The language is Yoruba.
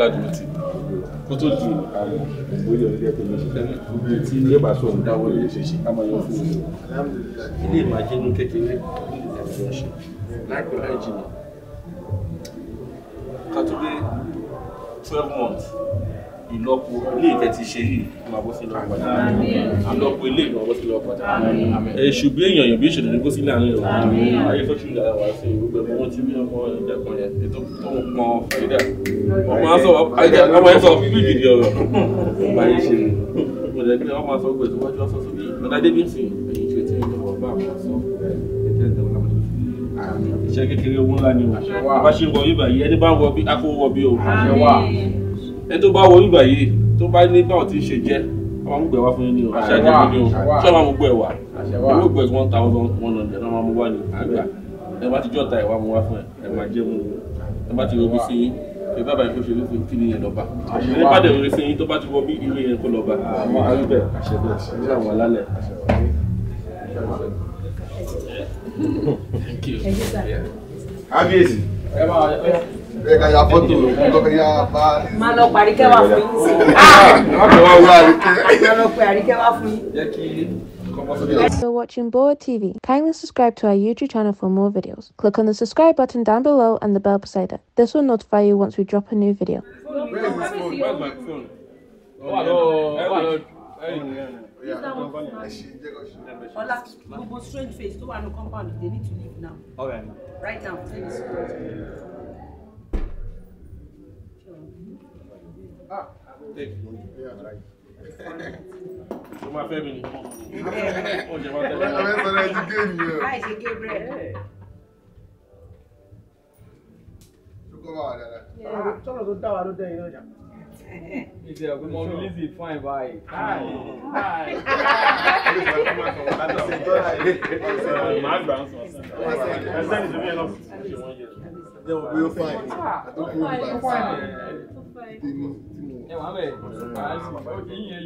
dúró tì kó tó di àmọ́ ìgbóyè ọjọ́ tó lè ṣe tí yóò bá sọ òun dáwọ́ lè ṣe ṣe ká máa yọ fún un. ilé ìbàjẹ́ ní kékeré twelve months ìlọ́po ilé ìfẹ́ ti ṣe yìí máa bó sí lọ́wọ́ padà ìlọ́po ilé ìlọ́wọ́ bó sí lọ́wọ́ padà èṣù bí èèyàn yìí bí ìṣòro ní bó sí láàrin ìlú ayé tó ṣùgbọ́n àwọn àwọn àṣẹ ìwé gbẹmọ wọn ti bí ọmọ ìdẹkùn yẹn ètò tó ń pọn fèrèdà ọmọ sọ ọmọ yẹn sọ fífi jìdì ọ̀rọ̀ báyìí ṣe mo lẹ ọmọ sọ gbẹ tó iṣẹ́ kékeré owó ni o bá ṣe wọ bí ẹni bá wọ bí akówó wọ bí o ẹni tó bá wọ nígbà yìí tó bá ní báwọn ti ṣe jẹ́ àwọn amúgbẹ̀ wá fún yín ní o àṣà jẹ́ fún yín o ṣé àwọn amúgbẹ̀ wà owó gbẹ̀ one thousand one hundred náà máa mú wá ní àgbà ẹ bá ti jọ́ ta ìwà mú wá fún ẹ ẹ máa jẹ́ mu ẹ bá ti rogún sí yín ẹ bá bàyìí kó ṣe lóṣù kí ni yẹn lọ́ba ẹ bá dẹ̀ rere sí yín tó bá ti wọ bí yẹn kó lọ́ba àwọn arúgbẹ̀ àṣẹ bẹ̀ ní àwọn alálẹ̀. Thank you. Thank bẹ́ẹ̀ ah! ká for watching Boa TV. Kindly subscribe to our YouTube channel for more videos. Click on the subscribe button down below and the bell beside it. This will notify you once we drop a new video. Where is my hello. Oh, oh, oh, strange face. Tó wà ní compound, they need to leave now. Alright. Right now, tell me. o máa fẹ́ mi ni oúnjẹ máa tẹ̀lé ọ̀rẹ́ sọ̀rọ̀ ẹ ti gé mi o. láì ṣe gé bẹ́ẹ̀. ṣùkọ́ bá wà dáadáa. Ah, sọ̀rọ̀ eu we'll find eu I think eu find it. eu find it. eu find it. We'll find it.